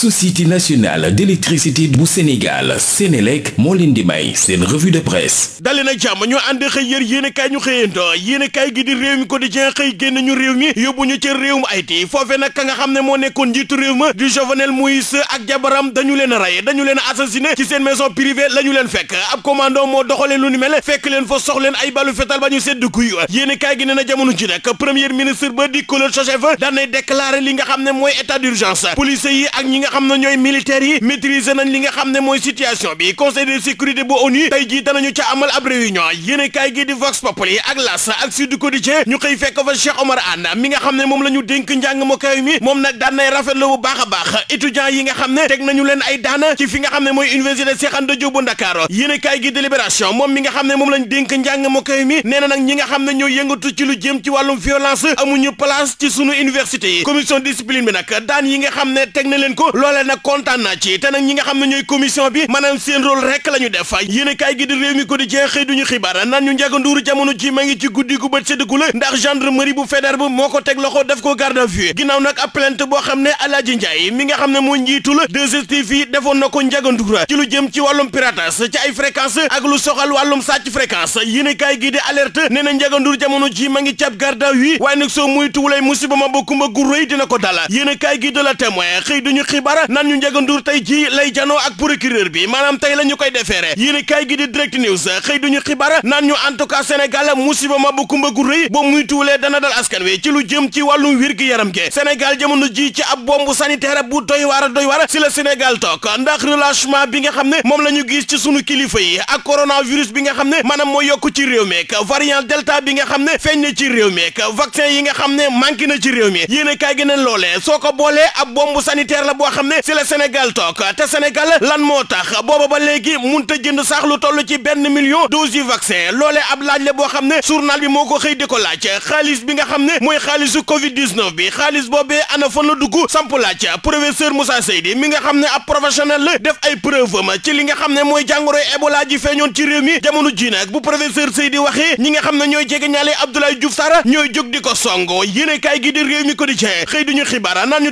société nationale d'électricité bu Sénégal Sénélec moo leen di may seen revue de presse dali jàmm ñu ànd xëy yër yéenekaay ñu xëyanto yéenekaay gi di réew mi quotidien xëy génn ñu réew mi yóbbu ñu ca réewum Haïti foofe nag ka xam ne moo nekkoon njiitu réew ma di Jovenel Moïse ak jabaram dañu leen rey dañu leen assassiné ci seen maison privée la leen fekk ab commando moo doxalee ni mel fekk leen fa sox ay balu fetal ba ñu sedd xam ne ñooy militaires yi maîtriser nañ li nga xam ne mooy situation bi conseil de sécurité bu ONU tey jii danañu ca amal ab réunion yéen kaay gi di Vox yi ak L'As ak Sud Quotidien ñu xëy fekk fa Cheikh Omar Anne mi nga xam ne moom la ñu dénk njàng mu kaw mi moom nag daan nay rafetlu bu baax a baax étudiants yi nga xam ne teg nañu leen ay daana ci fi nga xam ne mooy université Cheikh Anta Diop bu Ndakaaru yéen kaay gi délibération moom mi nga xam ne moom lañ dénk njàng mu kaw mi nee nag ñi ne ñoo yëngatu ci lu jëm ci wàllum violence amuñu place ci sunu université yi commission discipline bi yi nga xam ne teg na leen ko loolee nag kontaan na ci te nag ñi nga xam ne ñooy commission bi maanaam seen rôle rek la ñu def yéen kaay gi di réew mi quotidien xëy duñu xibaar naan ñu Ndiaga Ndour jamono jii ma ngi ci guddi gu bët sédduku la ndax gendarmerie bu fédéral bu moo ko teg loxo def ko garde à vue ginnaaw nag boo xam ne Alaaji Njaay mi nga xam ne moo njiitu la 2STV defoon na ko Ndiaga ci lu jëm ci wàllum piratage ci ay fréquence ak lu soxal wàllum sàcc fréquence yéen kaay gi di alerte nee na Ndiaga jamono ji ma ngi cab garde à vue waaye nag soo muy tuwulay musiba ma ba kumba gu rëy dina ko dala yéen kaay gi de la témoin xëy duñu xibaar Camara nan ñu Ndiaga Ndour tey ji lay janoo ak procureur bi maanaam tey la ñu koy defeere yéen kay gi di direct news xëy duñu xibaar naan ñu en tout cas Sénégal musiba ma bu kumba gu rëy ba muy tuulee dana dal askan wi ci lu jëm ci wàllum wér gi yaram ge Sénégal jamono jii ci a bombu sanitaire bu doy waar doy waar si la Sénégal toog ndax relâchement bi nga xam ne moom la ñu gis ci sunu kilifa yi ak coronavirus bi nga xam ne maanaam moo yokk ci réew meek variant delta bi nga xam ne ci réew meek vaccin yi nga xam ne manqué na ci réew mi yéen kay gi loolee soo ko boolee ab bombu sanitaire la boo xam senegal si la Sénégal toog te Sénégal lan moo tax booba ba léegi munta jënd sax lu toll ci benn million doses yu vaccin loolee ab laaj la boo xam ne journal bi moo ko xëy di ko laaj xaalis bi nga xam ne mooy xaalisu Covid 19 bi xaalis boobee ana fan la dugg samp laaj professeur Moussa Seydi mi nga xam ne ab professionnel la def ay preuve am ci li nga xam ne mooy jàngoroy Ebola ji feeñoon ci réew mi jamono ji nag bu professeur Seydi waxee ñi nga xam ne ñooy jege ñaale Abdoulaye Diouf Sarr di ko songo yéene kaay gi di réew mi ko di cee xëy duñu xibaar naan ñu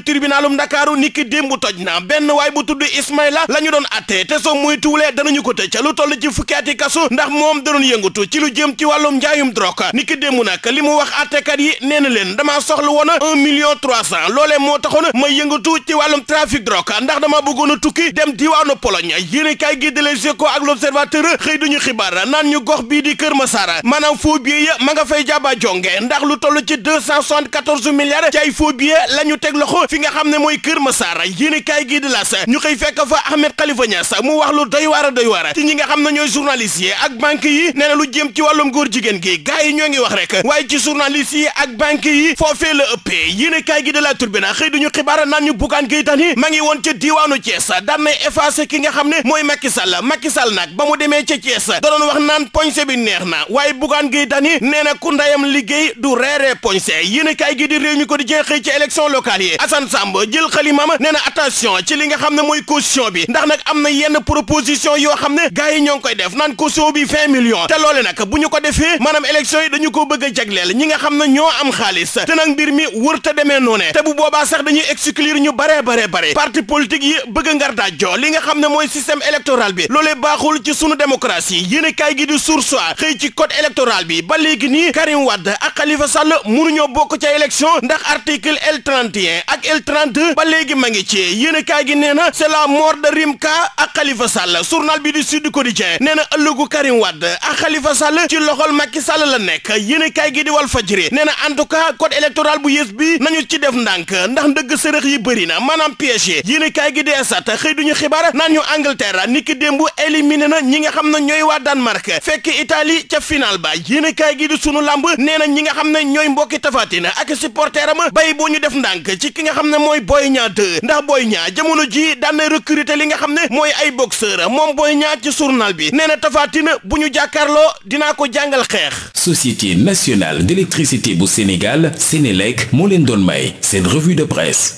Ndakaaru niki démb toj na benn waay bu tudd Ismaïla la ñu doon attee te soo muy tuulee danañu ko tëj lu toll ci fukki ati kasu ndax moom da doon ci lu jëm ci wàllum njaayum drogue ni ki démb nag li mu wax attekat yi nee na leen damaa soxla woon un million trois cent loole moo taxoon ma yëngatu ci wàllum trafic drogue ndax dama bëggoon tukki dem diwaanu Pologne yéen kay gi de Les Échos ak L'Observateur xëy duñu xibaar naan ñu gox bii di Kër Masara maanaam faux billets ma nga fay jaaba jonge ndax lu toll ci deux cent soixante-quatorze milliards ci ay faux la ñu teg loxo fi nga xam ne mooy Kër Masara yéene kaay gii di las ñu xëy fekk fa Ahmed Khalifa Niass mu wax lu doy waar a doy waar ci ñi nga xam ñooy journalistes yi ak banque yi nee na lu jëm ci wàllum góor jigéen gi gars yi ñoo ngi wax rek waaye ci journalistes yi ak banque yi foofee la ëppee yéene kaay gi di la turbine xëy duñu xibaar naan ñu buggaan gi tani ma ngi woon ca xam ne mooy Macky Sall Macky Sall nag ba mu demee ca Thiès da doon wax naan poñse bi neex na waaye buggaan na ku ndayam liggéey du reeree poñse yéene kaay gi di réew mi ko di jeexee ci élection locale yi Assane Samb na attention ci li nga xam ne mooy caution bi ndax nag am na yenn proposition yoo xam ne gars yi ñoo ngi koy def naan caution bi vingt millions te loole nag bu ñu ko defee maanaam élection yi dañu ko bëgg a jagleel ñi nga xam ne ñoo am xaalis te nag mbir mi wër te demee noone te bu boobaa sax dañuy exclure ñu baree baree bare parti politique yi bëgg ngar daajjoo li nga xam ne mooy sistem électoral bi loole baaxul ci sunu démocratie yéen kaay gi di Source A xëy ci bi ba léegi nii Karim Wade ak Khalifa Sall bokk ca élection ndax article L31 ak L32 ba léegi ma ngi ci Amitié yéen kaay gi nee na c'est Rimka ak Khalifa Sall journal bi di Sud Quotidien nee na ëllëgu Karim Wade ak Khalifa Sall ci loxol Macky Sall la nekk yéen kaay gi di Walf Fadjri nee na en tout cas code électoral bu yées bi nañu ci def ndànk ndax ndëgg sërëx yi bëri na maanaam piège yi yéen gi di Stades xëy duñu xibaar naan ñu Angleterre niki démb éliminé na ñi nga xam ne ñooy waa Danemark fekk Italie ca final ba yéen kaay gi di sunu lamb nee na ñi nga xam ne ñooy mbokki Tapha Tine ak supporteram bay boo ñu ki nga xam ne mooy Boy Niang 2 Boy Niang jamono ji daan na recruter li nga xam ne mooy ay boxeur moom Boy ñaar ci journal bi nee na tafaatina bu ñu jàkkaarloo dinaa ko jàngal xeex. Société nationale d'électricité bu Sénégal Sénélec moo leen doon may seen revue de presse.